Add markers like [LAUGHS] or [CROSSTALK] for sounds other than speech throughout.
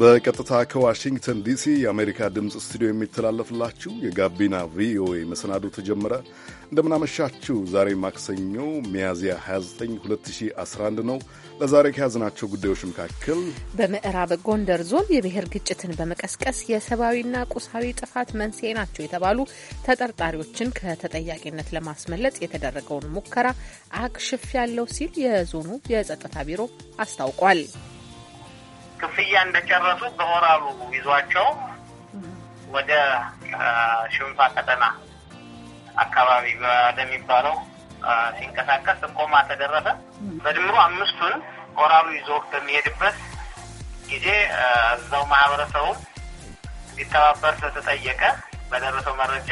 በቀጥታ ከዋሽንግተን ዲሲ የአሜሪካ ድምፅ ስቱዲዮ የሚተላለፍላችሁ የጋቢና ቪኦኤ መሰናዶ ተጀመረ። እንደምናመሻችሁ። ዛሬ ማክሰኞ ሚያዝያ 29 2011 ነው። ለዛሬ ከያዝናቸው ጉዳዮች መካከል በምዕራብ ጎንደር ዞን የብሔር ግጭትን በመቀስቀስ የሰብአዊና ቁሳዊ ጥፋት መንስኤ ናቸው የተባሉ ተጠርጣሪዎችን ከተጠያቂነት ለማስመለጥ የተደረገውን ሙከራ አክሽፍ ያለው ሲል የዞኑ የጸጥታ ቢሮ አስታውቋል። ክፍያ እንደጨረሱ በኦራሉ ይዟቸው ወደ ሽንፋ ቀጠና አካባቢ ወደሚባለው ሲንቀሳቀስ ጥቆማ ተደረሰ። በድምሩ አምስቱን ኦራሉ ይዞ በሚሄድበት ጊዜ እዛው ማህበረሰቡ ሊተባበር ስለተጠየቀ በደረሰው መረጃ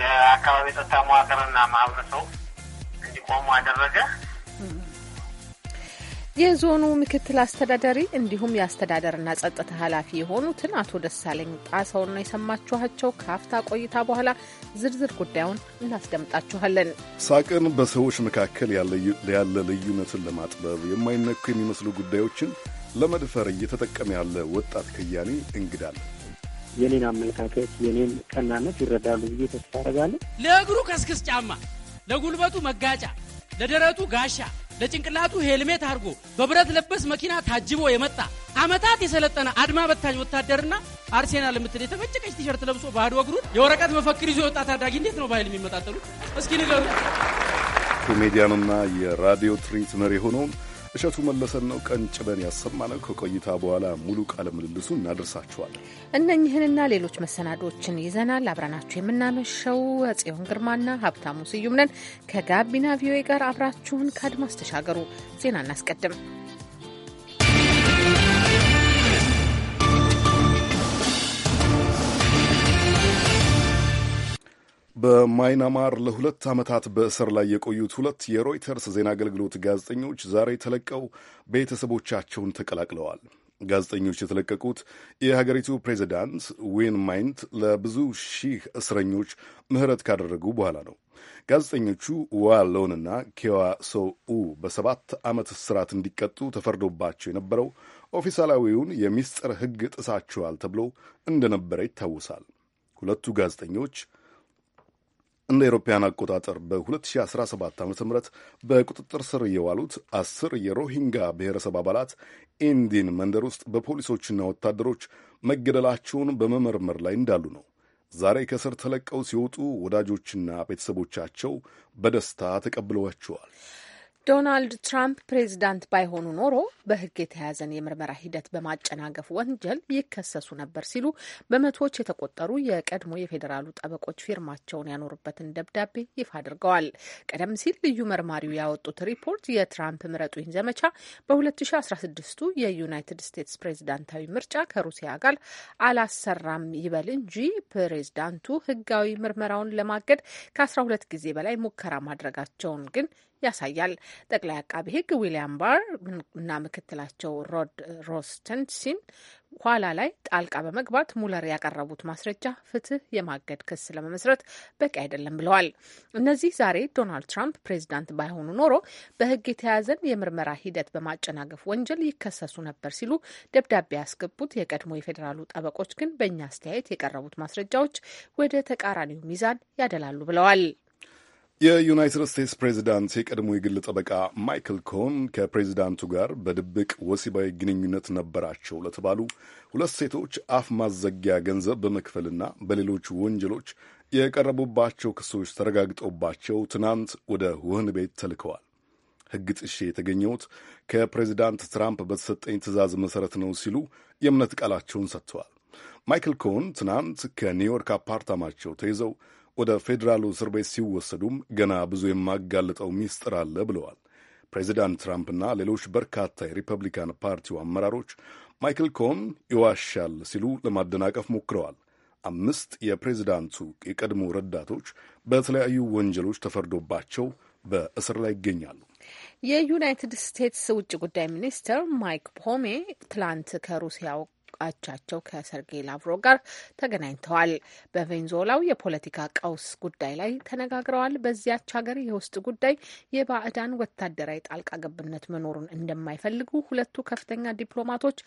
የአካባቢ ጸጥታ መዋቅርና ማህበረሰቡ እንዲቆሙ አደረገ። የዞኑ ምክትል አስተዳዳሪ እንዲሁም የአስተዳደርና ጸጥታ ኃላፊ የሆኑትን አቶ ደሳለኝ ጣሰውን ነው የሰማችኋቸው። ከአፍታ ቆይታ በኋላ ዝርዝር ጉዳዩን እናስደምጣችኋለን። ሳቅን በሰዎች መካከል ያለ ልዩነትን ለማጥበብ የማይነኩ የሚመስሉ ጉዳዮችን ለመድፈር እየተጠቀመ ያለ ወጣት ከያኔ እንግዳል የኔን አመለካከት የኔን ቀናነት ይረዳሉ ብዬ ተስፋ አደርጋለሁ። ለእግሩ ከስክስ ጫማ፣ ለጉልበቱ መጋጫ፣ ለደረቱ ጋሻ ለጭንቅላቱ ሄልሜት አድርጎ በብረት ለበስ መኪና ታጅቦ የመጣ አመታት የሰለጠነ አድማ በታኝ ወታደርና አርሴናል የምትል የተመጨቀች ቲሸርት ለብሶ ባዶ እግሩን የወረቀት መፈክር ይዞ የወጣ ታዳጊ እንዴት ነው በኃይል የሚመጣጠሉት? እስኪ ንገሩ። ኮሜዲያንና የራዲዮ ትርኢት መሪ የሆነው እሸቱ መለሰን ነው ቀን ጭበን ያሰማነው። ከቆይታ በኋላ ሙሉ ቃለ ምልልሱ እናደርሳችኋለን። እነኝህንና ሌሎች መሰናዶችን ይዘናል። አብረናችሁ የምናመሸው ጽዮን ግርማና ሀብታሙ ስዩም ነን። ከጋቢና ቪዮኤ ጋር አብራችሁን ከአድማስ ተሻገሩ። ዜና እናስቀድም። በማይናማር ለሁለት ዓመታት በእስር ላይ የቆዩት ሁለት የሮይተርስ ዜና አገልግሎት ጋዜጠኞች ዛሬ ተለቀው ቤተሰቦቻቸውን ተቀላቅለዋል። ጋዜጠኞች የተለቀቁት የሀገሪቱ ፕሬዚዳንት ዊን ማይንት ለብዙ ሺህ እስረኞች ምህረት ካደረጉ በኋላ ነው። ጋዜጠኞቹ ዋ ሎንና ኬዋ ሶኡ በሰባት ዓመት እስራት እንዲቀጡ ተፈርዶባቸው የነበረው ኦፊሳላዊውን የሚስጥር ሕግ ጥሳቸዋል ተብሎ እንደነበረ ይታወሳል። ሁለቱ ጋዜጠኞች እንደ አውሮፓውያን አቆጣጠር በ2017 ዓ ም በቁጥጥር ስር የዋሉት አስር የሮሂንጋ ብሔረሰብ አባላት ኢንዲን መንደር ውስጥ በፖሊሶችና ወታደሮች መገደላቸውን በመመርመር ላይ እንዳሉ ነው። ዛሬ ከስር ተለቀው ሲወጡ ወዳጆችና ቤተሰቦቻቸው በደስታ ተቀብለዋቸዋል። ዶናልድ ትራምፕ ፕሬዚዳንት ባይሆኑ ኖሮ በሕግ የተያዘን የምርመራ ሂደት በማጨናገፍ ወንጀል ይከሰሱ ነበር ሲሉ በመቶዎች የተቆጠሩ የቀድሞ የፌዴራሉ ጠበቆች ፊርማቸውን ያኖሩበትን ደብዳቤ ይፋ አድርገዋል። ቀደም ሲል ልዩ መርማሪው ያወጡት ሪፖርት የትራምፕ ምረጡኝ ዘመቻ በ2016ቱ የዩናይትድ ስቴትስ ፕሬዚዳንታዊ ምርጫ ከሩሲያ ጋር አላሰራም ይበል እንጂ ፕሬዚዳንቱ ሕጋዊ ምርመራውን ለማገድ ከ12 ጊዜ በላይ ሙከራ ማድረጋቸውን ግን ያሳያል። ጠቅላይ አቃቢ ሕግ ዊሊያም ባር እና ምክትላቸው ሮድ ሮስተንሲን ኋላ ላይ ጣልቃ በመግባት ሙለር ያቀረቡት ማስረጃ ፍትህ የማገድ ክስ ለመመስረት በቂ አይደለም ብለዋል። እነዚህ ዛሬ ዶናልድ ትራምፕ ፕሬዚዳንት ባይሆኑ ኖሮ በህግ የተያዘን የምርመራ ሂደት በማጨናገፍ ወንጀል ይከሰሱ ነበር ሲሉ ደብዳቤ ያስገቡት የቀድሞ የፌዴራሉ ጠበቆች ግን በእኛ አስተያየት የቀረቡት ማስረጃዎች ወደ ተቃራኒው ሚዛን ያደላሉ ብለዋል። የዩናይትድ ስቴትስ ፕሬዚዳንት የቀድሞ የግል ጠበቃ ማይክል ኮን ከፕሬዚዳንቱ ጋር በድብቅ ወሲባዊ ግንኙነት ነበራቸው ለተባሉ ሁለት ሴቶች አፍ ማዘጊያ ገንዘብ በመክፈልና በሌሎች ወንጀሎች የቀረቡባቸው ክሶች ተረጋግጦባቸው ትናንት ወደ ወህኒ ቤት ተልከዋል። ሕግ ጥሼ የተገኘሁት ከፕሬዚዳንት ትራምፕ በተሰጠኝ ትዕዛዝ መሠረት ነው ሲሉ የእምነት ቃላቸውን ሰጥተዋል። ማይክል ኮን ትናንት ከኒውዮርክ አፓርታማቸው ተይዘው ወደ ፌዴራሉ እስር ቤት ሲወሰዱም ገና ብዙ የማጋልጠው ሚስጥር አለ ብለዋል። ፕሬዚዳንት ትራምፕና ሌሎች በርካታ የሪፐብሊካን ፓርቲው አመራሮች ማይክል ኮን ይዋሻል ሲሉ ለማደናቀፍ ሞክረዋል። አምስት የፕሬዚዳንቱ የቀድሞ ረዳቶች በተለያዩ ወንጀሎች ተፈርዶባቸው በእስር ላይ ይገኛሉ። የዩናይትድ ስቴትስ ውጭ ጉዳይ ሚኒስትር ማይክ ፖሜ ትላንት ከሩሲያው አቻቸው ከሰርጌይ ላቭሮቭ ጋር ተገናኝተዋል። በቬንዙዌላው የፖለቲካ ቀውስ ጉዳይ ላይ ተነጋግረዋል። በዚያች ሀገር የውስጥ ጉዳይ የባዕዳን ወታደራዊ ጣልቃ ገብነት መኖሩን እንደማይፈልጉ ሁለቱ ከፍተኛ ዲፕሎማቶች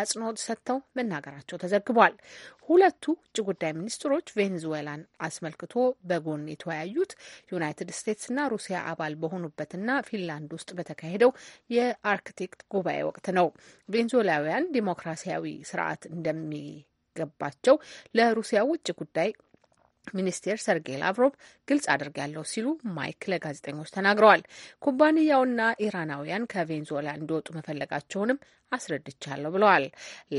አጽንኦት ሰጥተው መናገራቸው ተዘግቧል። ሁለቱ ውጭ ጉዳይ ሚኒስትሮች ቬንዙዌላን አስመልክቶ በጎን የተወያዩት ዩናይትድ ስቴትስና ሩሲያ አባል በሆኑበትና ፊንላንድ ውስጥ በተካሄደው የአርክቲክ ጉባኤ ወቅት ነው። ቬንዙዌላውያን ዲሞክራሲያዊ ስርዓት እንደሚገባቸው ለሩሲያ ውጭ ጉዳይ ሚኒስቴር ሰርጌይ ላቭሮቭ ግልጽ አድርጋለሁ ሲሉ ማይክ ለጋዜጠኞች ተናግረዋል። ኩባንያውና ኢራናውያን ከቬንዙዌላ እንዲወጡ መፈለጋቸውንም አስረድቻለሁ ብለዋል።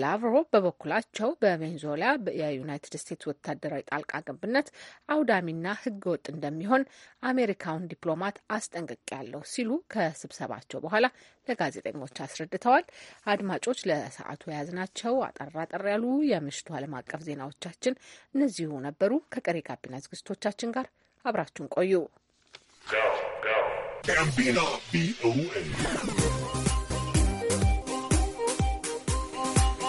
ላቭሮቭ በበኩላቸው በቬንዙዌላ የዩናይትድ ስቴትስ ወታደራዊ ጣልቃ ገብነት አውዳሚና ወጥ እንደሚሆን አሜሪካውን ዲፕሎማት አስጠንቅቄያለሁ ሲሉ ከስብሰባቸው በኋላ ለጋዜጠኞች አስረድተዋል። አድማጮች፣ ለሰዓቱ የያዝናቸው አጠር አጠር ያሉ የምሽቱ ዓለም አቀፍ ዜናዎቻችን እነዚሁ ነበሩ። ከቀሪ ጋቢና ዝግጅቶቻችን ጋር አብራችሁን ቆዩ።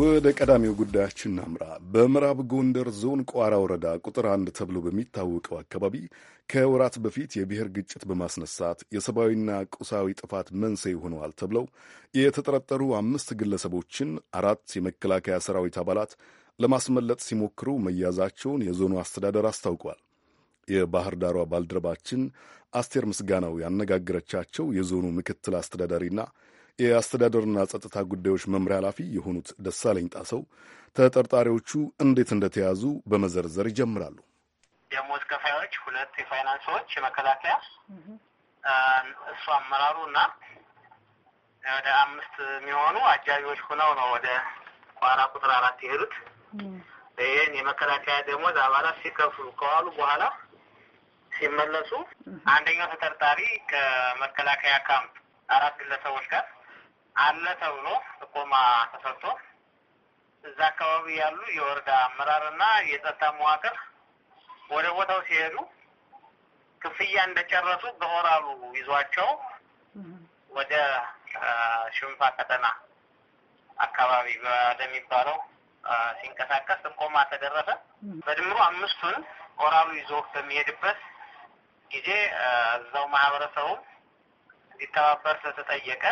ወደ ቀዳሚው ጉዳያችን እናምራ። በምዕራብ ጎንደር ዞን ቋራ ወረዳ ቁጥር አንድ ተብሎ በሚታወቀው አካባቢ ከወራት በፊት የብሔር ግጭት በማስነሳት የሰብአዊና ቁሳዊ ጥፋት መንስኤ ሆነዋል ተብለው የተጠረጠሩ አምስት ግለሰቦችን አራት የመከላከያ ሰራዊት አባላት ለማስመለጥ ሲሞክሩ መያዛቸውን የዞኑ አስተዳደር አስታውቋል። የባህር ዳሯ ባልደረባችን አስቴር ምስጋናው ያነጋገረቻቸው የዞኑ ምክትል አስተዳዳሪና የአስተዳደርና ጸጥታ ጉዳዮች መምሪያ ኃላፊ የሆኑት ደሳለኝ ጣሰው ተጠርጣሪዎቹ እንዴት እንደተያዙ በመዘርዘር ይጀምራሉ። የሞት ከፋዮች ሁለት የፋይናንስ ሰዎች የመከላከያ እሱ አመራሩ እና ወደ አምስት የሚሆኑ አጃቢዎች ሆነው ነው ወደ ቋራ ቁጥር አራት የሄዱት። ይህን የመከላከያ ደሞዝ አባላት ሲከፍሉ ከዋሉ በኋላ ሲመለሱ አንደኛው ተጠርጣሪ ከመከላከያ ካምፕ አራት ግለሰቦች ጋር አለ ተብሎ ጥቆማ ተሰጥቶ እዛ አካባቢ ያሉ የወረዳ አመራርና የጸጥታ መዋቅር ወደ ቦታው ሲሄዱ ክፍያ እንደጨረሱ በኦራሉ ይዟቸው ወደ ሽንፋ ቀጠና አካባቢ ወደሚባለው ሲንቀሳቀስ ጥቆማ ተደረሰ። በድምሩ አምስቱን ኦራሉ ይዞ በሚሄድበት ጊዜ እዛው ማህበረሰቡ እንዲተባበር ስለተጠየቀ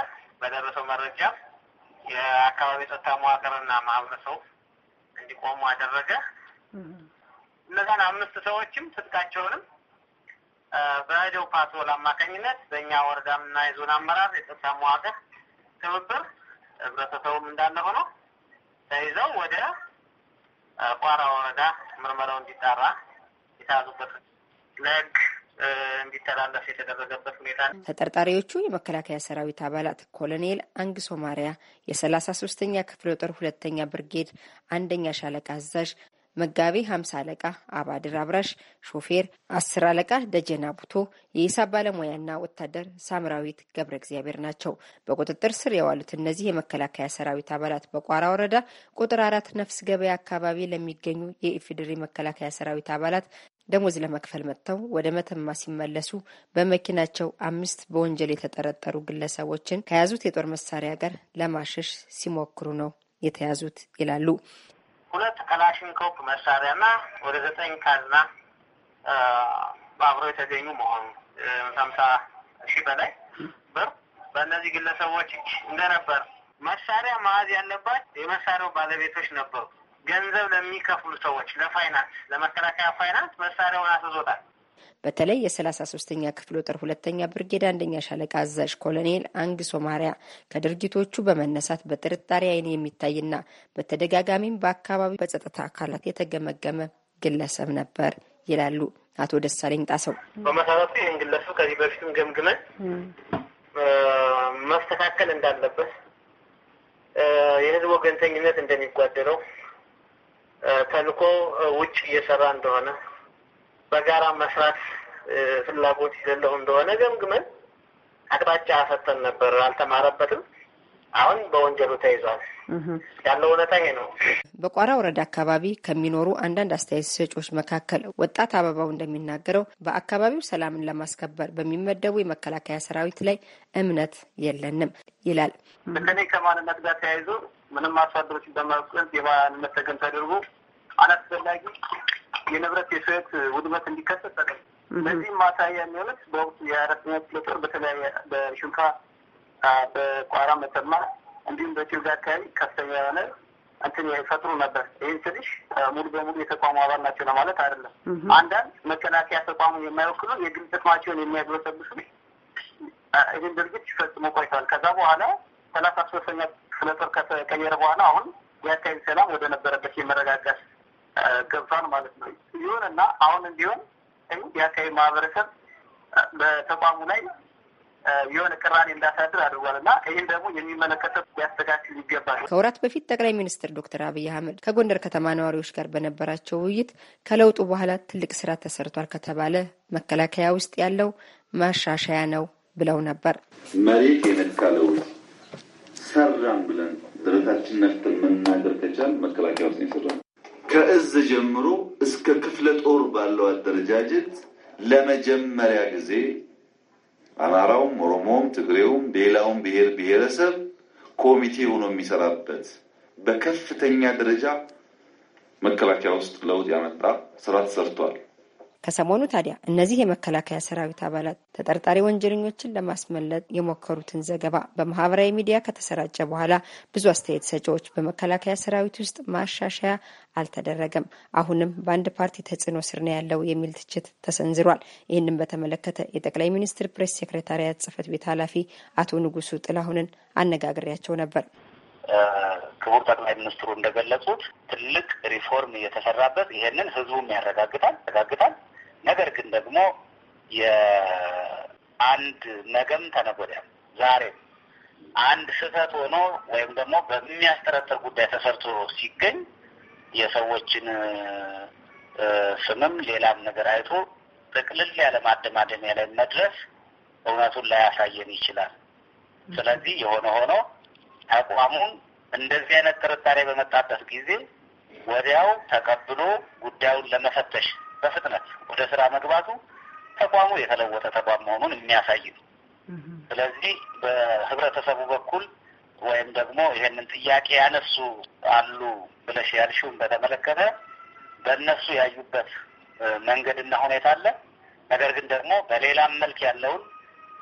በደረሰው መረጃ የአካባቢ ጸጥታ መዋቅርና ማህበረሰቡ እንዲቆሙ አደረገ። እነዛን አምስት ሰዎችም ትጥቃቸውንም በደው ፓትሮል አማካኝነት በእኛ ወረዳምና የዞን አመራር የጸጥታ መዋቅር ትብብር ህብረተሰቡም እንዳለ ሆኖ ተይዘው ወደ ቋራ ወረዳ ምርመራው እንዲጣራ የታዙበት ለህግ እንዲተላለፍ የተደረገበት ሁኔታ ነው። ተጠርጣሪዎቹ የመከላከያ ሰራዊት አባላት ኮሎኔል አንግ ሶማሪያ የሰላሳ ሶስተኛ ክፍለ ጦር ሁለተኛ ብርጌድ አንደኛ ሻለቃ አዛዥ መጋቤ ሀምሳ አለቃ አባድር አብራሽ፣ ሾፌር አስር አለቃ ደጀና ቡቶ፣ የሂሳብ ባለሙያና ወታደር ሳምራዊት ገብረ እግዚአብሔር ናቸው። በቁጥጥር ስር የዋሉት እነዚህ የመከላከያ ሰራዊት አባላት በቋራ ወረዳ ቁጥር አራት ነፍስ ገበያ አካባቢ ለሚገኙ የኢፌዴሪ መከላከያ ሰራዊት አባላት ደሞዝ ለመክፈል መጥተው ወደ መተማ ሲመለሱ በመኪናቸው አምስት በወንጀል የተጠረጠሩ ግለሰቦችን ከያዙት የጦር መሳሪያ ጋር ለማሸሽ ሲሞክሩ ነው የተያዙት ይላሉ። ሁለት ከላሽንኮቭ መሳሪያና ወደ ዘጠኝ ካዝና አብረው የተገኙ መሆኑ ሀምሳ ሺህ በላይ ብር በእነዚህ ግለሰቦች እንደነበር መሳሪያ መያዝ ያለባት የመሳሪያው ባለቤቶች ነበሩ። ገንዘብ ለሚከፍሉ ሰዎች ለፋይናንስ ለመከላከያ ፋይናንስ መሳሪያውን አስዞታል። በተለይ የሰላሳ ሶስተኛ ክፍል ወጠር ሁለተኛ ብርጌድ አንደኛ ሻለቃ አዛዥ ኮሎኔል አንግሶ ማሪያ ከድርጊቶቹ በመነሳት በጥርጣሬ አይን የሚታይና በተደጋጋሚም በአካባቢው በጸጥታ አካላት የተገመገመ ግለሰብ ነበር ይላሉ አቶ ደሳለኝ ጣሰው። በመሰረቱ ይህን ግለሰብ ከዚህ በፊትም ገምግመን መስተካከል እንዳለበት የህዝብ ወገንተኝነት እንደሚጓደለው ተልኮ ውጭ እየሰራ እንደሆነ በጋራ መስራት ፍላጎት የሌለው እንደሆነ ገምግመን አቅጣጫ ሰጥተን ነበር። አልተማረበትም። አሁን በወንጀሉ ተይዟል። ያለው እውነታ ይሄ ነው። በቋራ ወረዳ አካባቢ ከሚኖሩ አንዳንድ አስተያየት ሰጪዎች መካከል ወጣት አበባው እንደሚናገረው በአካባቢው ሰላምን ለማስከበር በሚመደቡ የመከላከያ ሰራዊት ላይ እምነት የለንም ይላል። በተለይ ከማንነት ጋር ተያይዞ ምንም አርሶ አደሮችን በማስቀረት የባንነት ተገን ተደርጎ አላስፈላጊ የንብረት የስህት ውድመት እንዲከሰት ተደርጓል። በዚህም ማሳያ የሚሆኑት በወቅቱ የአራተኛ ክፍለ ጦር በተለያየ በሽንፋ በቋራ መተማ እንዲሁም በቲዩብ አካባቢ ከፍተኛ የሆነ እንትን ፈጥሮ ነበር። ይህን ስልሽ ሙሉ በሙሉ የተቋሙ አባል ናቸው ነው ማለት አይደለም። አንዳንድ መከላከያ ተቋሙ የማይወክሉ የግል ጥቅማቸውን የሚያግበሰብሱ ይህን ድርጊት ፈጽሞ ቆይተዋል። ከዛ በኋላ ሰላሳ ሶስተኛ ስለ ጦር ከተቀየረ በኋላ አሁን የአካባቢ ሰላም ወደ ነበረበት የመረጋጋት ገብቷል ማለት ነው። ይሁንና አሁን እንዲሆን የአካባቢ ማህበረሰብ በተቋሙ ላይ የሆነ ቅራኔ እንዳሳድር አድርጓል እና ይህን ደግሞ የሚመለከተው ሊያስተካክል ይገባል። ከወራት በፊት ጠቅላይ ሚኒስትር ዶክተር አብይ አህመድ ከጎንደር ከተማ ነዋሪዎች ጋር በነበራቸው ውይይት ከለውጡ በኋላ ትልቅ ስራ ተሰርቷል ከተባለ መከላከያ ውስጥ ያለው ማሻሻያ ነው ብለው ነበር። መሬት ሰራን ብለን ደረታችን ነፍተን መናገር ከቻል መከላከያ ውስጥ የሰራ ከእዝ ጀምሮ እስከ ክፍለ ጦር ባለው አደረጃጀት ለመጀመሪያ ጊዜ አማራውም፣ ኦሮሞውም፣ ትግሬውም ሌላውም ብሔር ብሔረሰብ ኮሚቴ ሆኖ የሚሰራበት በከፍተኛ ደረጃ መከላከያ ውስጥ ለውጥ ያመጣ ስራ ተሰርቷል። ከሰሞኑ ታዲያ እነዚህ የመከላከያ ሰራዊት አባላት ተጠርጣሪ ወንጀለኞችን ለማስመለጥ የሞከሩትን ዘገባ በማህበራዊ ሚዲያ ከተሰራጨ በኋላ ብዙ አስተያየት ሰጪዎች በመከላከያ ሰራዊት ውስጥ ማሻሻያ አልተደረገም፣ አሁንም በአንድ ፓርቲ ተጽዕኖ ስር ነው ያለው የሚል ትችት ተሰንዝሯል። ይህንም በተመለከተ የጠቅላይ ሚኒስትር ፕሬስ ሴክሬታሪያት ጽህፈት ቤት ኃላፊ አቶ ንጉሱ ጥላሁንን አነጋግሬያቸው ነበር። ክቡር ጠቅላይ ሚኒስትሩ እንደገለጹት ትልቅ ሪፎርም እየተሰራበት ይሄንን ህዝቡም ያረጋግጣል ያረጋግጣል። ነገር ግን ደግሞ የአንድ ነገም ተነገ ዛሬም አንድ ስህተት ሆኖ ወይም ደግሞ በሚያስጠረጥር ጉዳይ ተሰርቶ ሲገኝ የሰዎችን ስምም ሌላም ነገር አይቶ ጥቅልል ያለ ማደማደሚያ ላይ መድረስ እውነቱን ላያሳየን ይችላል። ስለዚህ የሆነ ሆኖ ተቋሙን እንደዚህ አይነት ጥርጣሬ በመጣበት ጊዜ ወዲያው ተቀብሎ ጉዳዩን ለመፈተሽ በፍጥነት ወደ ስራ መግባቱ ተቋሙ የተለወጠ ተቋም መሆኑን የሚያሳይ ነው። ስለዚህ በህብረተሰቡ በኩል ወይም ደግሞ ይህንን ጥያቄ ያነሱ አሉ ብለሽ ያልሽውን በተመለከተ በእነሱ ያዩበት መንገድና ሁኔታ አለ። ነገር ግን ደግሞ በሌላም መልክ ያለውን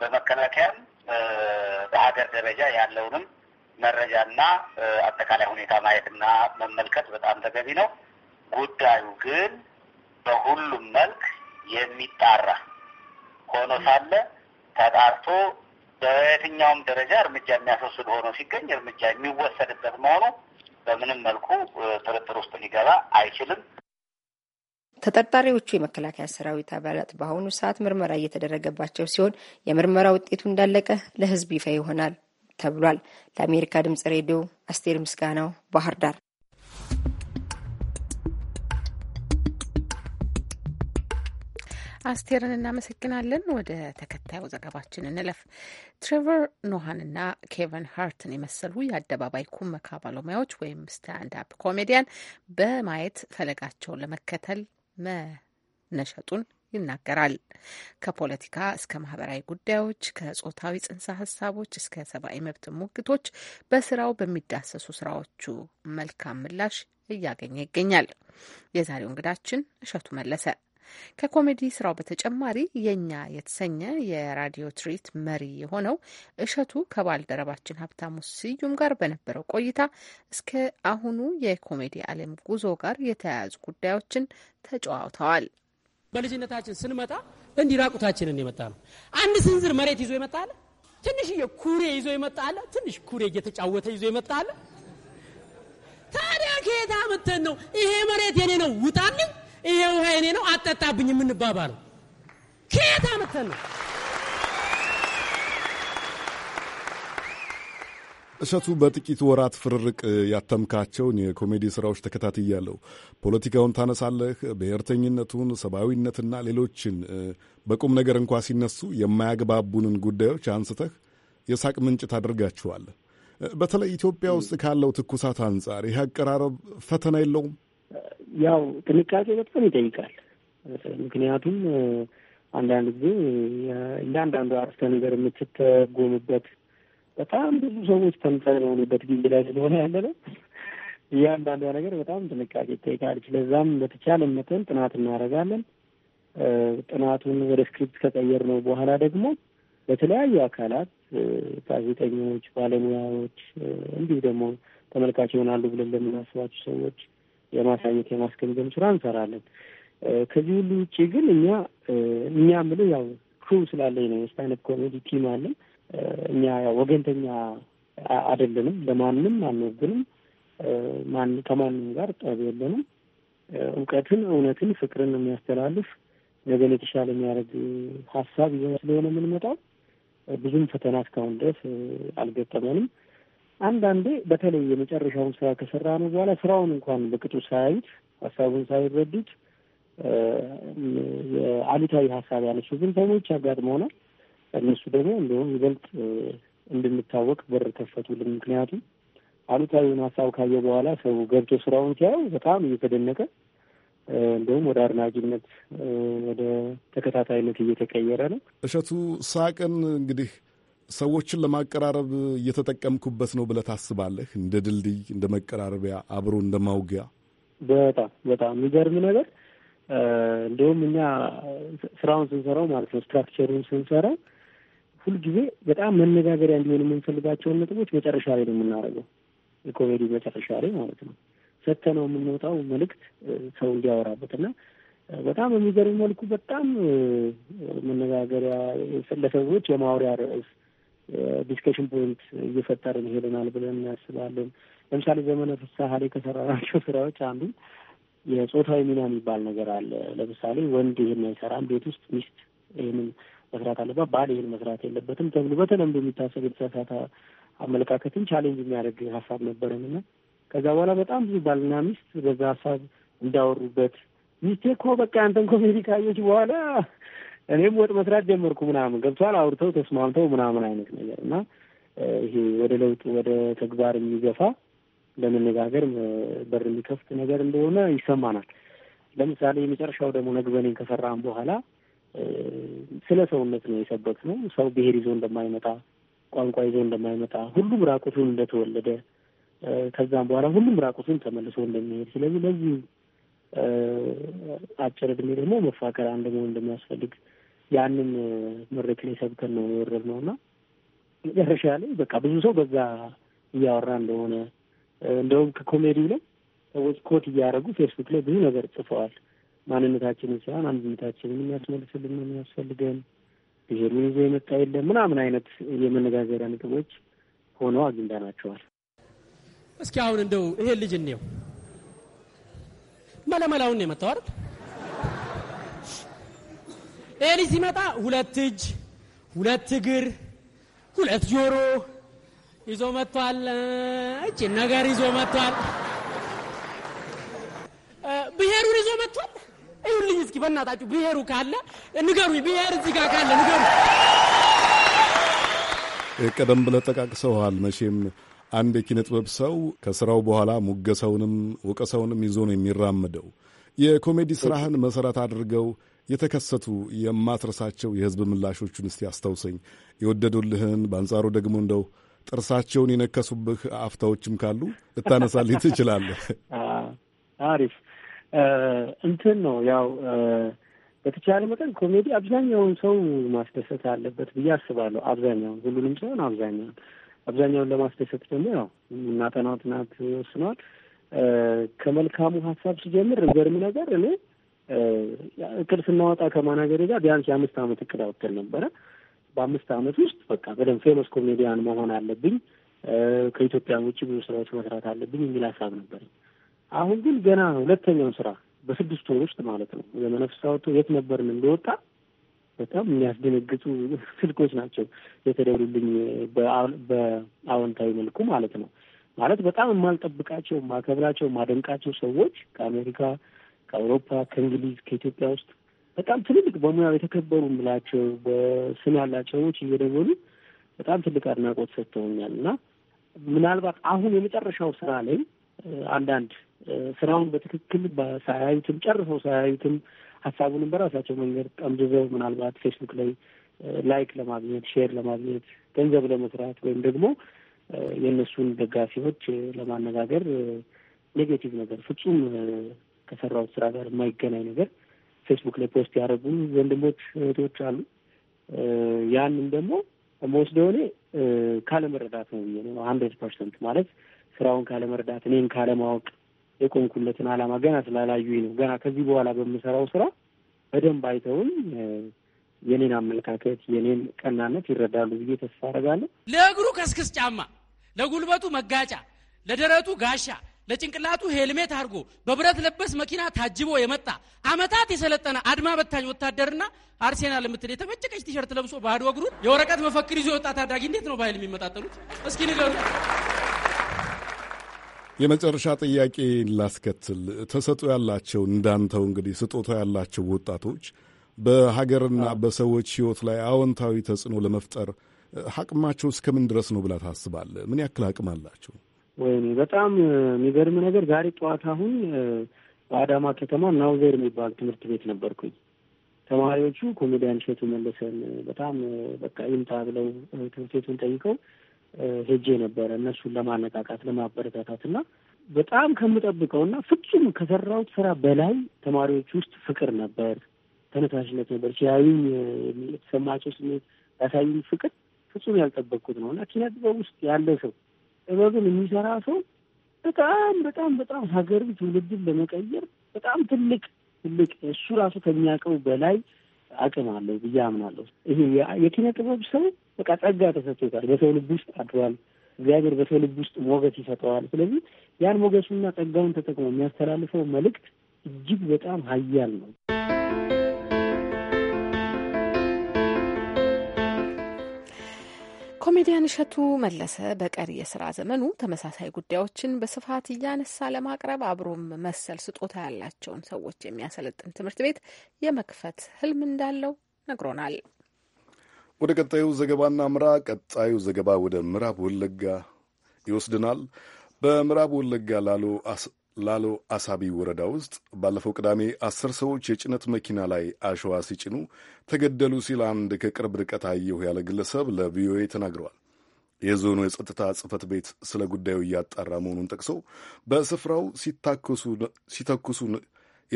በመከላከያም በሀገር ደረጃ ያለውንም መረጃና አጠቃላይ ሁኔታ ማየትና መመልከት በጣም ተገቢ ነው። ጉዳዩ ግን በሁሉም መልክ የሚጣራ ሆኖ ሳለ ተጣርቶ በየትኛውም ደረጃ እርምጃ የሚያስወስድ ሆኖ ሲገኝ እርምጃ የሚወሰድበት መሆኑ በምንም መልኩ ጥርጥር ውስጥ ሊገባ አይችልም። ተጠርጣሪዎቹ የመከላከያ ሰራዊት አባላት በአሁኑ ሰዓት ምርመራ እየተደረገባቸው ሲሆን የምርመራ ውጤቱ እንዳለቀ ለሕዝብ ይፋ ይሆናል። ተብሏል። ለአሜሪካ ድምጽ ሬዲዮ አስቴር ምስጋናው ባህር ዳር። አስቴርን እናመሰግናለን። ወደ ተከታዩ ዘገባችን እንለፍ። ትሬቨር ኖሃንና ኬቨን ሃርትን የመሰሉ የአደባባይ ኩመካ ባለሙያዎች ወይም ስታንድ አፕ ኮሜዲያን በማየት ፈለጋቸውን ለመከተል መነሸጡን ይናገራል። ከፖለቲካ እስከ ማህበራዊ ጉዳዮች፣ ከጾታዊ ጽንሰ ሀሳቦች እስከ ሰብአዊ መብት ሙግቶች በስራው በሚዳሰሱ ስራዎቹ መልካም ምላሽ እያገኘ ይገኛል። የዛሬው እንግዳችን እሸቱ መለሰ ከኮሜዲ ስራው በተጨማሪ የእኛ የተሰኘ የራዲዮ ትርኢት መሪ የሆነው እሸቱ ከባልደረባችን ሀብታሙ ስዩም ጋር በነበረው ቆይታ እስከ አሁኑ የኮሜዲ ዓለም ጉዞ ጋር የተያያዙ ጉዳዮችን ተጨዋውተዋል። በልጅነታችን ስንመጣ እንዲህ ራቁታችንን የመጣ ነው። አንድ ስንዝር መሬት ይዞ የመጣ አለ። ትንሽዬ ኩሬ ይዞ የመጣ አለ። ትንሽ ኩሬ እየተጫወተ ይዞ የመጣ አለ። ታዲያ ከየት አምጥተን ነው ይሄ መሬት የኔ ነው ውጣልኝ፣ ይሄ ውሃ የኔ ነው አጠጣብኝ የምንባባለው? ከየት አምጥተን ነው? እሸቱ በጥቂት ወራት ፍርርቅ ያተምካቸውን የኮሜዲ ስራዎች ተከታትያለሁ። ፖለቲካውን ታነሳለህ፣ ብሔርተኝነቱን፣ ሰብአዊነትና ሌሎችን በቁም ነገር እንኳ ሲነሱ የማያግባቡንን ጉዳዮች አንስተህ የሳቅ ምንጭ ታደርጋችኋለህ። በተለይ ኢትዮጵያ ውስጥ ካለው ትኩሳት አንጻር ይህ አቀራረብ ፈተና የለውም? ያው ጥንቃቄ በጣም ይጠይቃል። ምክንያቱም አንዳንድ ጊዜ እያንዳንዱ አርስተ ነገር የምትተጎምበት በጣም ብዙ ሰዎች ተምሳሌ የሆኑበት ጊዜ ላይ ስለሆነ ያለ ነው። እያንዳንዷ ነገር በጣም ጥንቃቄ ይጠይቃል። ለዛም በተቻለ መጠን ጥናት እናደርጋለን። ጥናቱን ወደ ስክሪፕት ከቀየር ነው በኋላ ደግሞ በተለያዩ አካላት ጋዜጠኞች፣ ባለሙያዎች እንዲሁ ደግሞ ተመልካች ይሆናሉ ብለን ለምናስባቸው ሰዎች የማሳየት የማስገምገም ስራ እንሰራለን። ከዚህ ሁሉ ውጭ ግን እኛ እኛ ምለው ያው ክሩ ስላለኝ ነው። ስታንድ አፕ ኮሜዲ ቲም አለን። እኛ ያው ወገንተኛ አይደለንም፣ ለማንም አንወግንም፣ ማን ከማንም ጋር ጠብ የለንም። እውቀትን፣ እውነትን፣ ፍቅርን የሚያስተላልፍ ነገን የተሻለ የሚያደርግ ሀሳብ ስለሆነ የምንመጣው ብዙም ፈተና እስካሁን ድረስ አልገጠመንም። አንዳንዴ በተለይ የመጨረሻውን ስራ ከሰራ ነው በኋላ ስራውን እንኳን በቅጡ ሳያዩት ሀሳቡን ሳይረዱት የአሉታዊ ሀሳብ ያነሱ ግን ሰዎች አጋጥመውናል። እነሱ ደግሞ እንደውም ይበልጥ እንድንታወቅ በር ከፈቱልን። ምክንያቱም አሉታዊውን ሀሳብ ካየ በኋላ ሰው ገብቶ ስራውን ሲያዩ በጣም እየተደነቀ እንደውም ወደ አድናቂነት ወደ ተከታታይነት እየተቀየረ ነው። እሸቱ ሳቅን እንግዲህ ሰዎችን ለማቀራረብ እየተጠቀምኩበት ነው ብለህ ታስባለህ? እንደ ድልድይ፣ እንደ መቀራረቢያ፣ አብሮ እንደ ማውጊያ። በጣም በጣም የሚገርም ነገር እንደውም እኛ ስራውን ስንሰራው ማለት ነው ስትራክቸሩን ስንሰራው ሁልጊዜ በጣም መነጋገሪያ እንዲሆን የምንፈልጋቸውን ነጥቦች መጨረሻ ላይ ነው የምናደርገው። የኮሜዲ መጨረሻ ላይ ማለት ነው። ሰተነው የምንወጣው መልእክት ሰው እንዲያወራበት እና በጣም የሚገርም መልኩ በጣም መነጋገሪያ ለሰዎች የማውሪያ ርዕስ ዲስከሽን ፖይንት እየፈጠርን ሄደናል ብለን እናስባለን። ለምሳሌ ዘመነ ፍስሐ ላይ ከሰራናቸው ስራዎች አንዱ የጾታዊ ሚና የሚባል ነገር አለ። ለምሳሌ ወንድ ይህን አይሰራም፣ ቤት ውስጥ ሚስት ይህንን መስራት አለባት፣ ባል ይህን መስራት የለበትም ተብሎ በተለምዶ የሚታሰብ የተሳሳተ አመለካከትን ቻሌንጅ የሚያደርግ ሀሳብ ነበረን እና ከዛ በኋላ በጣም ብዙ ባልና ሚስት በዛ ሀሳብ እንዳወሩበት ሚስቴ እኮ በቃ ያንተን ኮሜዲ ካየች በኋላ እኔም ወጥ መስራት ጀመርኩ ምናምን ገብቷል። አውርተው ተስማምተው ምናምን አይነት ነገር እና ይሄ ወደ ለውጥ ወደ ተግባር የሚገፋ ለመነጋገር በር የሚከፍት ነገር እንደሆነ ይሰማናል። ለምሳሌ የመጨረሻው ደግሞ ነግበኔን ከሰራም በኋላ ስለ ሰውነት ነው የሰበክ ነው። ሰው ብሄር ይዞ እንደማይመጣ ቋንቋ ይዞ እንደማይመጣ ሁሉም ራቁቱን እንደተወለደ ከዛም በኋላ ሁሉም ራቁቱን ተመልሶ እንደሚሄድ ስለዚህ ለዚህ አጭር እድሜ ደግሞ መፋከር አንድ መሆን እንደሚያስፈልግ ያንን መድረክ ላይ ሰብከን ነው የወረድ ነው እና መጨረሻ ላይ በቃ ብዙ ሰው በዛ እያወራ እንደሆነ እንደውም ከኮሜዲው ላይ ሰዎች ኮት እያደረጉ ፌስቡክ ላይ ብዙ ነገር ጽፈዋል። ማንነታችንን ሳይሆን አንድነታችንን የሚያስመልስልን ነው የሚያስፈልገን ብሄር ይዞ የመጣ የለም ምናምን አይነት የመነጋገሪያ ነጥቦች ሆነው ናቸዋል። እስኪ አሁን እንደው ይሄን ልጅ እንየው። መለመላውን ነው የመጣው አይደል? ይሄ ልጅ ሲመጣ ሁለት እጅ፣ ሁለት እግር፣ ሁለት ጆሮ ይዞ መጥቷል። እቺ ነገር ይዞ መጥቷል። ብሄሩን ይዞ መጥቷል። ይሁልኝ እስኪ በእናታችሁ ብሔሩ ካለ ንገሩኝ። ብሔር እዚህ ጋር ካለ ንገሩ። ቀደም ብለህ ጠቃቅሰውሃል መቼም አንድ የኪነ ጥበብ ሰው ከስራው በኋላ ሙገሰውንም ወቀሰውንም ይዞ ነው የሚራምደው። የኮሜዲ ስራህን መሰረት አድርገው የተከሰቱ የማትረሳቸው የህዝብ ምላሾቹን እስቲ አስታውሰኝ። የወደዱልህን፣ በአንጻሩ ደግሞ እንደው ጥርሳቸውን የነከሱብህ አፍታዎችም ካሉ ልታነሳልኝ ትችላለህ። [LAUGHS] አሪፍ እንትን ነው ያው በተቻለ መጠን ኮሜዲ አብዛኛውን ሰው ማስደሰት አለበት ብዬ አስባለሁ። አብዛኛውን ሁሉንም ሳይሆን አብዛኛውን አብዛኛውን ለማስደሰት ደግሞ ያው እናጠናው ጥናት ወስኗል። ከመልካሙ ሀሳብ ሲጀምር ገርም ነገር እኔ እቅድ ስናወጣ ከማናገሬ ጋር ቢያንስ የአምስት ዓመት እቅድ አውጥተን ነበረ። በአምስት ዓመት ውስጥ በቃ በደንብ ፌመስ ኮሜዲያን መሆን አለብኝ፣ ከኢትዮጵያ ውጭ ብዙ ስራዎች መስራት አለብኝ የሚል ሀሳብ ነበረኝ። አሁን ግን ገና ሁለተኛው ስራ በስድስት ወር ውስጥ ማለት ነው። የመነፍስ አውጥቶ የት ነበርን እንደወጣ በጣም የሚያስደነግጡ ስልኮች ናቸው የተደሉልኝ በአዎንታዊ መልኩ ማለት ነው። ማለት በጣም የማልጠብቃቸው ማከብራቸው፣ ማደንቃቸው ሰዎች ከአሜሪካ፣ ከአውሮፓ፣ ከእንግሊዝ፣ ከኢትዮጵያ ውስጥ በጣም ትልልቅ በሙያው የተከበሩ ምላቸው በስም ያላቸው ሰዎች እየደወሉ በጣም ትልቅ አድናቆት ሰጥተውኛል እና ምናልባት አሁን የመጨረሻው ስራ ላይ አንዳንድ ስራውን በትክክል ሳያዩትም ጨርሰው ሳያዩትም ሀሳቡንም በራሳቸው መንገድ ጠምዝዘው ምናልባት ፌስቡክ ላይ ላይክ ለማግኘት ሼር ለማግኘት ገንዘብ ለመስራት ወይም ደግሞ የእነሱን ደጋፊዎች ለማነጋገር ኔጌቲቭ ነገር ፍጹም ከሰራሁት ስራ ጋር የማይገናኝ ነገር ፌስቡክ ላይ ፖስት ያደረጉ ወንድሞች እህቶች አሉ። ያንን ደግሞ መወስደ እኔ ካለመረዳት ነው ብዬ ነው ሀንድሬድ ፐርሰንት ማለት ስራውን ካለመረዳት እኔም ካለማወቅ የቆምኩለትን ዓላማ ገና ስላላዩኝ ነው። ገና ከዚህ በኋላ በምሰራው ስራ በደንብ አይተውኝ የኔን አመለካከት የኔን ቀናነት ይረዳሉ ብዬ ተስፋ አደርጋለሁ። ለእግሩ ከስክስ ጫማ፣ ለጉልበቱ መጋጫ፣ ለደረቱ ጋሻ፣ ለጭንቅላቱ ሄልሜት አድርጎ በብረት ለበስ መኪና ታጅቦ የመጣ አመታት የሰለጠነ አድማ በታኝ ወታደርና አርሴናል የምትል የተመጨቀች ቲሸርት ለብሶ ባዶ እግሩን የወረቀት መፈክር ይዞ የወጣ ታዳጊ እንዴት ነው ባይል የሚመጣጠሉት? እስኪ ንገሩ። የመጨረሻ ጥያቄ ላስከትል። ተሰጦ ያላቸው እንዳንተው እንግዲህ ስጦታ ያላቸው ወጣቶች በሀገርና በሰዎች ሕይወት ላይ አዎንታዊ ተጽዕኖ ለመፍጠር አቅማቸው እስከምን ድረስ ነው ብላ ታስባለ ምን ያክል አቅም አላቸው? ወይኔ በጣም የሚገርም ነገር ዛሬ ጠዋት አሁን በአዳማ ከተማ ናውዜር የሚባል ትምህርት ቤት ነበርኩኝ። ተማሪዎቹ ኮሜዲያን እሸቱ መለሰን በጣም በቃ ይምጣ ብለው ትምህርት ቤቱን ጠይቀው ሄጄ ነበረ እነሱን ለማነቃቃት ለማበረታታት እና በጣም ከምጠብቀው እና ፍጹም ከሰራሁት ስራ በላይ ተማሪዎች ውስጥ ፍቅር ነበር፣ ተነሳሽነት ነበር። ሲያዩኝ የተሰማቸው ስሜት ያሳዩኝ ፍቅር ፍጹም ያልጠበቅኩት ነው እና ኪነ ጥበብ ውስጥ ያለ ሰው ጥበብን የሚሰራ ሰው በጣም በጣም በጣም ሀገርን ትውልድን ለመቀየር በጣም ትልቅ ትልቅ እሱ ራሱ ከሚያውቀው በላይ አቅም አለው ብዬ አምናለሁ። ይሄ የኪነ ጥበብ ሰው በቃ ጸጋ ተሰጥቶታል። በሰው ልብ ውስጥ አድሯል። እግዚአብሔር በሰው ልብ ውስጥ ሞገስ ይሰጠዋል። ስለዚህ ያን ሞገሱና ጸጋውን ተጠቅሞ የሚያስተላልፈው መልእክት እጅግ በጣም ኃያል ነው። ኮሜዲያን እሸቱ መለሰ በቀሪ የስራ ዘመኑ ተመሳሳይ ጉዳዮችን በስፋት እያነሳ ለማቅረብ አብሮም መሰል ስጦታ ያላቸውን ሰዎች የሚያሰለጥን ትምህርት ቤት የመክፈት ህልም እንዳለው ነግሮናል። ወደ ቀጣዩ ዘገባና ምራ ቀጣዩ ዘገባ ወደ ምዕራብ ወለጋ ይወስድናል። በምዕራብ ወለጋ ላሎ አሳቢ ወረዳ ውስጥ ባለፈው ቅዳሜ አስር ሰዎች የጭነት መኪና ላይ አሸዋ ሲጭኑ ተገደሉ ሲል አንድ ከቅርብ ርቀት አየሁ ያለ ግለሰብ ለቪኦኤ ተናግረዋል። የዞኑ የጸጥታ ጽህፈት ቤት ስለ ጉዳዩ እያጣራ መሆኑን ጠቅሶ በስፍራው ሲተኩሱ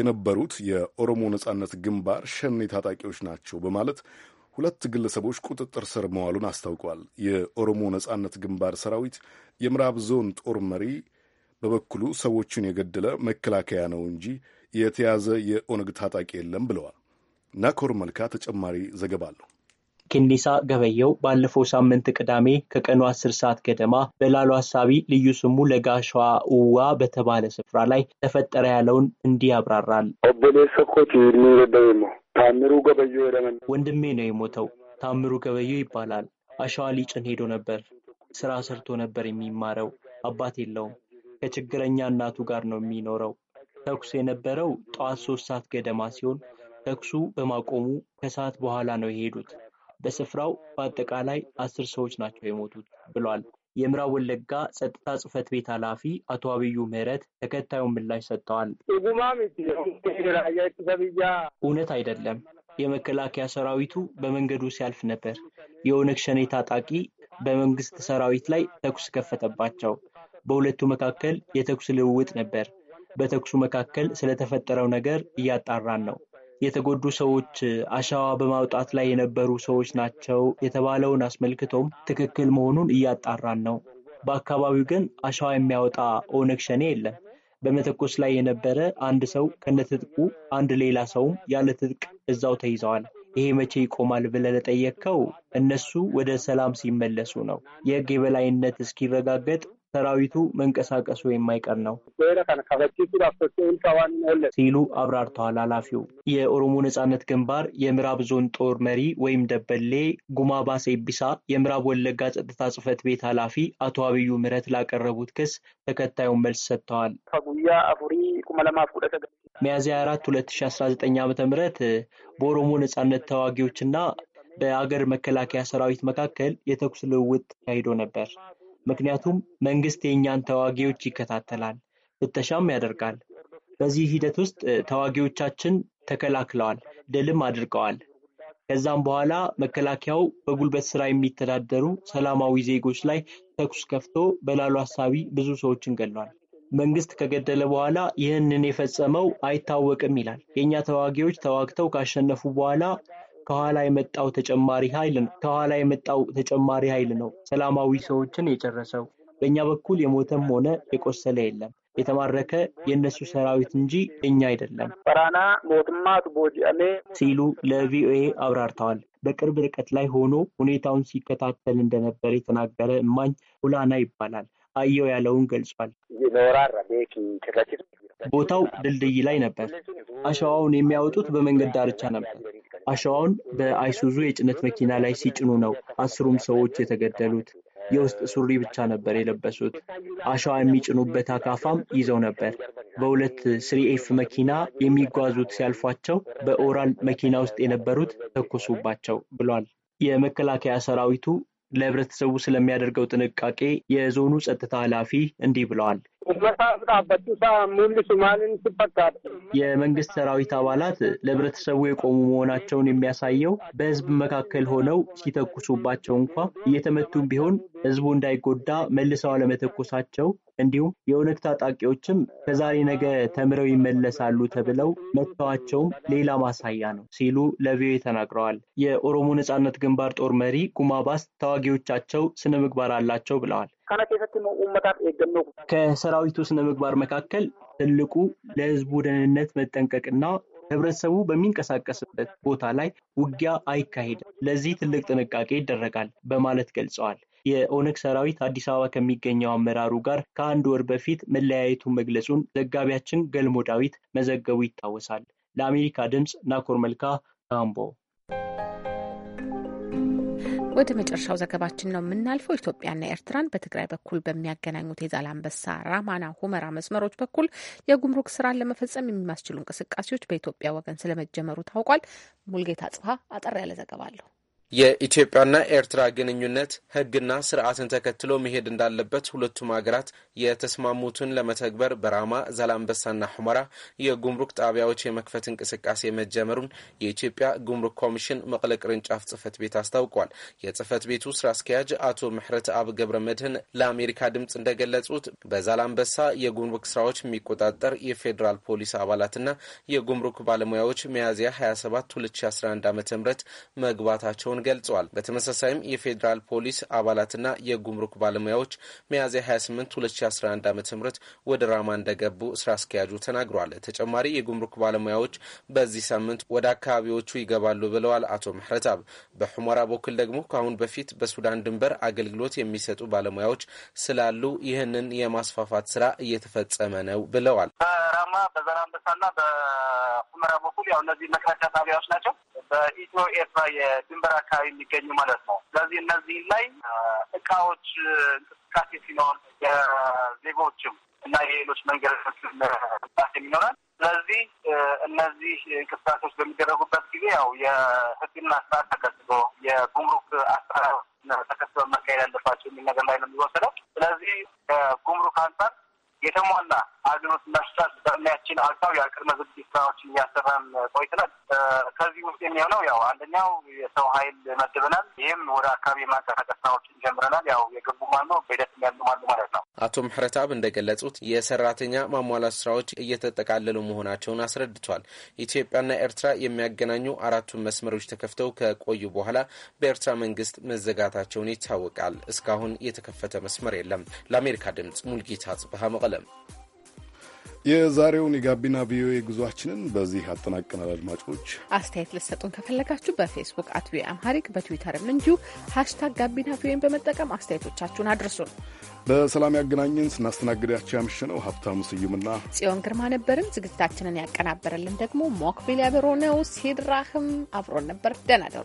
የነበሩት የኦሮሞ ነጻነት ግንባር ሸኔ ታጣቂዎች ናቸው በማለት ሁለት ግለሰቦች ቁጥጥር ስር መዋሉን አስታውቋል። የኦሮሞ ነጻነት ግንባር ሰራዊት የምዕራብ ዞን ጦር መሪ በበኩሉ ሰዎቹን የገደለ መከላከያ ነው እንጂ የተያዘ የኦነግ ታጣቂ የለም ብለዋል። ናኮር መልካ ተጨማሪ ዘገባ አለሁ። ኪኒሳ ገበየው ባለፈው ሳምንት ቅዳሜ ከቀኑ አስር ሰዓት ገደማ በላሉ ሀሳቢ ልዩ ስሙ ለጋሻዋ ውዋ በተባለ ስፍራ ላይ ተፈጠረ ያለውን እንዲህ ያብራራል። ታምሩ ገበዮ ወንድሜ ነው የሞተው። ታምሩ ገበዮ ይባላል። አሸዋ ሊጭን ሄዶ ነበር። ስራ ሰርቶ ነበር የሚማረው። አባት የለውም። ከችግረኛ እናቱ ጋር ነው የሚኖረው። ተኩስ የነበረው ጠዋት ሶስት ሰዓት ገደማ ሲሆን ተኩሱ በማቆሙ ከሰዓት በኋላ ነው የሄዱት። በስፍራው በአጠቃላይ አስር ሰዎች ናቸው የሞቱት ብሏል። የምዕራብ ወለጋ ጸጥታ ጽህፈት ቤት ኃላፊ አቶ አብዩ ምህረት ተከታዩን ምላሽ ሰጥተዋል። እውነት አይደለም። የመከላከያ ሰራዊቱ በመንገዱ ሲያልፍ ነበር። የኦነግ ሸኔ ታጣቂ በመንግስት ሰራዊት ላይ ተኩስ ከፈተባቸው። በሁለቱ መካከል የተኩስ ልውውጥ ነበር። በተኩሱ መካከል ስለተፈጠረው ነገር እያጣራን ነው። የተጎዱ ሰዎች አሸዋ በማውጣት ላይ የነበሩ ሰዎች ናቸው የተባለውን አስመልክቶም ትክክል መሆኑን እያጣራን ነው። በአካባቢው ግን አሸዋ የሚያወጣ ኦነግ ሸኔ የለም። በመተኮስ ላይ የነበረ አንድ ሰው ከነትጥቁ አንድ ሌላ ሰውም ያለ ትጥቅ እዛው ተይዘዋል። ይሄ መቼ ይቆማል ብለህ ለጠየቅከው እነሱ ወደ ሰላም ሲመለሱ ነው። የህግ የበላይነት እስኪረጋገጥ ሰራዊቱ መንቀሳቀሱ የማይቀር ነው ሲሉ አብራርተዋል ኃላፊው። የኦሮሞ ነጻነት ግንባር የምዕራብ ዞን ጦር መሪ ወይም ደበሌ ጉማ ባሴ ቢሳ የምዕራብ ወለጋ ጸጥታ ጽህፈት ቤት ኃላፊ አቶ አብዩ ምህረት ላቀረቡት ክስ ተከታዩን መልስ ሰጥተዋል። ሚያዝያ 4 2019 ዓ አስራ በኦሮሞ ነጻነት ተዋጊዎችና በአገር መከላከያ ሰራዊት መካከል የተኩስ ልውውጥ ተካሂዶ ነበር። ምክንያቱም መንግስት የእኛን ተዋጊዎች ይከታተላል፣ ፍተሻም ያደርጋል። በዚህ ሂደት ውስጥ ተዋጊዎቻችን ተከላክለዋል፣ ድልም አድርገዋል። ከዛም በኋላ መከላከያው በጉልበት ስራ የሚተዳደሩ ሰላማዊ ዜጎች ላይ ተኩስ ከፍቶ በላሉ ሀሳቢ ብዙ ሰዎችን ገድሏል። መንግስት ከገደለ በኋላ ይህንን የፈጸመው አይታወቅም ይላል። የእኛ ተዋጊዎች ተዋግተው ካሸነፉ በኋላ ከኋላ የመጣው ተጨማሪ ኃይል ነው። ከኋላ የመጣው ተጨማሪ ኃይል ነው ሰላማዊ ሰዎችን የጨረሰው። በእኛ በኩል የሞተም ሆነ የቆሰለ የለም። የተማረከ የእነሱ ሰራዊት እንጂ እኛ አይደለም ሲሉ ለቪኦኤ አብራርተዋል። በቅርብ ርቀት ላይ ሆኖ ሁኔታውን ሲከታተል እንደነበር የተናገረ እማኝ ሁላና ይባላል። አየው ያለውን ገልጿል። ቦታው ድልድይ ላይ ነበር። አሸዋውን የሚያወጡት በመንገድ ዳርቻ ነበር። አሸዋውን በአይሱዙ የጭነት መኪና ላይ ሲጭኑ ነው አስሩም ሰዎች የተገደሉት። የውስጥ ሱሪ ብቻ ነበር የለበሱት። አሸዋ የሚጭኑበት አካፋም ይዘው ነበር። በሁለት ስሪኤፍ መኪና የሚጓዙት ሲያልፏቸው በኦራል መኪና ውስጥ የነበሩት ተኮሱባቸው ብሏል። የመከላከያ ሰራዊቱ ለህብረተሰቡ ስለሚያደርገው ጥንቃቄ የዞኑ ጸጥታ ኃላፊ እንዲህ ብለዋል። የመንግስት ሰራዊት አባላት ለህብረተሰቡ የቆሙ መሆናቸውን የሚያሳየው በህዝብ መካከል ሆነው ሲተኩሱባቸው እንኳ እየተመቱም ቢሆን ህዝቡ እንዳይጎዳ መልሰው አለመተኮሳቸው እንዲሁም የኦነግ ታጣቂዎችም ከዛሬ ነገ ተምረው ይመለሳሉ ተብለው መጥተዋቸውም ሌላ ማሳያ ነው ሲሉ ለቪኦኤ ተናግረዋል። የኦሮሞ ነጻነት ግንባር ጦር መሪ ጉማባስ ተዋጊዎቻቸው ስነ ምግባር አላቸው ብለዋል። ከሰራዊቱ ስነ ምግባር መካከል ትልቁ ለህዝቡ ደህንነት መጠንቀቅና ህብረተሰቡ በሚንቀሳቀስበት ቦታ ላይ ውጊያ አይካሄድም፣ ለዚህ ትልቅ ጥንቃቄ ይደረጋል በማለት ገልጸዋል። የኦነግ ሰራዊት አዲስ አበባ ከሚገኘው አመራሩ ጋር ከአንድ ወር በፊት መለያየቱን መግለጹን ዘጋቢያችን ገልሞ ዳዊት መዘገቡ ይታወሳል። ለአሜሪካ ድምፅ ናኮር መልካ ካምቦ ወደ መጨረሻው ዘገባችን ነው የምናልፈው። ኢትዮጵያና ኤርትራን በትግራይ በኩል በሚያገናኙት የዛላንበሳ ራማና ሁመራ መስመሮች በኩል የጉምሩክ ስራን ለመፈጸም የሚያስችሉ እንቅስቃሴዎች በኢትዮጵያ ወገን ስለመጀመሩ ታውቋል። ሙልጌታ ጽፋ አጠር ያለ ዘገባ አለሁ የኢትዮጵያና ኤርትራ ግንኙነት ሕግና ስርዓትን ተከትሎ መሄድ እንዳለበት ሁለቱም ሀገራት የተስማሙትን ለመተግበር በራማ ዛላምበሳና ሑመራ የጉምሩክ ጣቢያዎች የመክፈት እንቅስቃሴ መጀመሩን የኢትዮጵያ ጉምሩክ ኮሚሽን መቀለ ቅርንጫፍ ጽህፈት ቤት አስታውቋል። የጽህፈት ቤቱ ስራ አስኪያጅ አቶ ምሕረት አብ ገብረ መድህን ለአሜሪካ ድምፅ እንደገለጹት በዛላምበሳ የጉምሩክ ስራዎች የሚቆጣጠር የፌዴራል ፖሊስ አባላትና የጉምሩክ ባለሙያዎች ሚያዝያ 27 2011 ዓ ም መግባታቸውን መሆኑን ገልጸዋል። በተመሳሳይም የፌዴራል ፖሊስ አባላትና የጉምሩክ ባለሙያዎች ሚያዝያ 28 2011 ዓ ም ወደ ራማ እንደገቡ ስራ አስኪያጁ ተናግሯል። ተጨማሪ የጉምሩክ ባለሙያዎች በዚህ ሳምንት ወደ አካባቢዎቹ ይገባሉ ብለዋል አቶ ምሕረታብ። በሑመራ በኩል ደግሞ ከአሁን በፊት በሱዳን ድንበር አገልግሎት የሚሰጡ ባለሙያዎች ስላሉ ይህንን የማስፋፋት ስራ እየተፈጸመ ነው ብለዋል። በራማ በዘራንበሳና በሑመራ በኩል ያው እነዚህ መክረጫ ጣቢያዎች ናቸው። በኢትዮ ኤርትራ የድንበር አካባቢ የሚገኙ ማለት ነው። ስለዚህ እነዚህን ላይ እቃዎች እንቅስቃሴ ሲኖር የዜጎችም እና የሌሎች መንገዶች እንቅስቃሴም ስለዚህ እነዚህ እንቅስቃሴዎች በሚደረጉበት ጊዜ ያው የሕግና ስርዓት ተከትሎ የጉምሩክ አሰራር ተከትሎ መካሄድ ያለባቸው የሚል ነገር ላይ ነው የሚወሰደው። ስለዚህ ከጉምሩክ አንጻር የተሟላ አገልግሎት መስጠት በእድሜያችን አልፋው የቅድመ ዝግጅት ስራዎችን እያሰራን ቆይተናል። ከዚህ ውስጥ የሚሆነው ያው አንደኛው የሰው ኃይል መድበናል። ይህም ወደ አካባቢ የማንቀሳቀስ ስራዎችን ጀምረናል። ያው የገቡ ማሉ በሂደት ያሉ ማሉ ማለት ነው። አቶ ምህረታብ እንደገለጹት የሰራተኛ ማሟላት ስራዎች እየተጠቃለሉ መሆናቸውን አስረድቷል። ኢትዮጵያና ኤርትራ የሚያገናኙ አራቱን መስመሮች ተከፍተው ከቆዩ በኋላ በኤርትራ መንግስት መዘጋታቸውን ይታወቃል። እስካሁን የተከፈተ መስመር የለም። ለአሜሪካ ድምጽ ሙልጌታ ጽብሃ መቀለም የዛሬውን የጋቢና ቪኦኤ ጉዟችንን በዚህ አጠናቀናል። አድማጮች አስተያየት ልሰጡን ከፈለጋችሁ በፌስቡክ አት ቪኦኤ አምሃሪክ በትዊተርም እንዲሁ ሀሽታግ ጋቢና ቪኦኤን በመጠቀም አስተያየቶቻችሁን አድርሱን። በሰላም ያገናኘን። ስናስተናግዳቸው ያምሽነው ሀብታሙ ስዩምና ጽዮን ግርማ ነበርን። ዝግጅታችንን ያቀናበረልን ደግሞ ሞክቢል ያበሮ ነው። ሲድራህም አብሮን ነበር። ደህና ደሩ